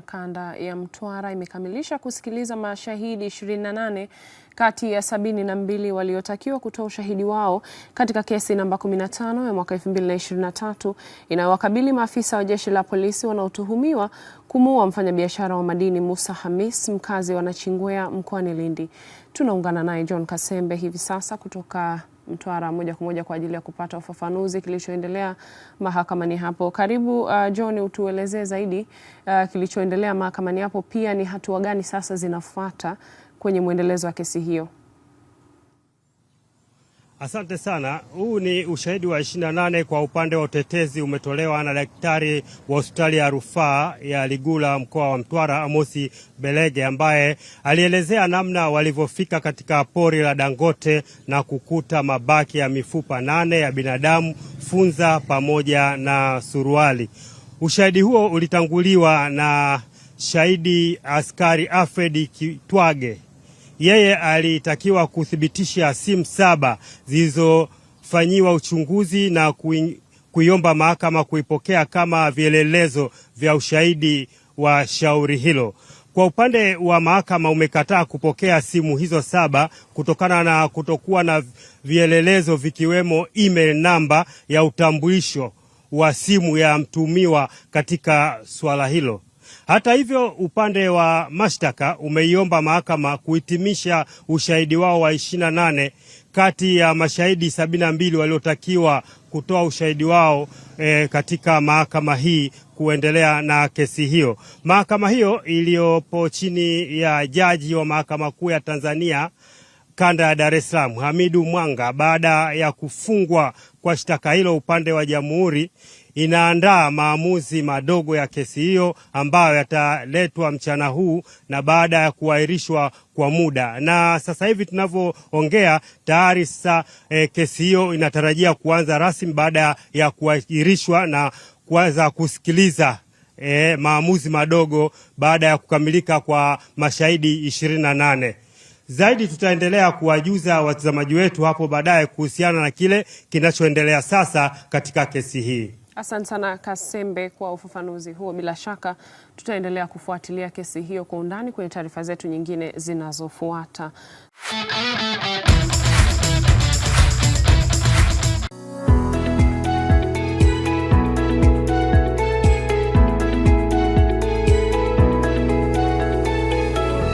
kanda ya Mtwara imekamilisha kusikiliza mashahidi 28 kati ya mbili waliotakiwa kutoa ushahidi wao katika kesi namba 15 ya mwaka 2023 inayowakabili maafisa wa jeshi la polisi wanaotuhumiwa kumuua mfanyabiashara wa madini Musa hamis mkazi wa Nachingwea mkoani Lindi. Tunaungana naye John Kasembe hivi sasa kutoka Mtwara moja kwa moja kwa ajili ya kupata ufafanuzi kilichoendelea mahakamani hapo. Karibu uh, John, utuelezee zaidi uh, kilichoendelea mahakamani hapo, pia ni hatua gani sasa zinafuata kwenye mwendelezo wa kesi hiyo? Asante sana. Huu ni ushahidi wa 28 kwa upande wa utetezi umetolewa na daktari wa hospitali ya rufaa ya Ligula mkoa wa Mtwara, Amosi Belege, ambaye alielezea namna walivyofika katika pori la Dangote na kukuta mabaki ya mifupa nane ya binadamu, funza pamoja na suruali. Ushahidi huo ulitanguliwa na shahidi askari Alfred Kitwage yeye alitakiwa kuthibitisha simu saba zilizofanyiwa uchunguzi na kuiomba mahakama kuipokea kama vielelezo vya ushahidi wa shauri hilo. Kwa upande wa mahakama umekataa kupokea simu hizo saba kutokana na kutokuwa na vielelezo vikiwemo email namba ya utambulisho wa simu ya mtumiwa katika swala hilo. Hata hivyo, upande wa mashtaka umeiomba mahakama kuhitimisha ushahidi wao wa 28 kati ya mashahidi 72 waliotakiwa kutoa ushahidi wao e, katika mahakama hii kuendelea na kesi hiyo. Mahakama hiyo iliyopo chini ya jaji wa mahakama kuu ya Tanzania kanda ya Dar es Salaam Hamidu Mwanga, baada ya kufungwa kwa shtaka hilo, upande wa jamhuri inaandaa maamuzi madogo ya kesi hiyo ambayo yataletwa mchana huu na baada ya kuahirishwa kwa muda. Na sasa hivi tunavyoongea tayari sasa e, kesi hiyo inatarajia kuanza rasmi baada ya kuahirishwa na kuanza kusikiliza e, maamuzi madogo baada ya kukamilika kwa mashahidi ishirini na nane. Zaidi tutaendelea kuwajuza watazamaji wetu hapo baadaye kuhusiana na kile kinachoendelea sasa katika kesi hii. Asante sana Kasembe kwa ufafanuzi huo. Bila shaka tutaendelea kufuatilia kesi hiyo kwa undani kwenye taarifa zetu nyingine zinazofuata.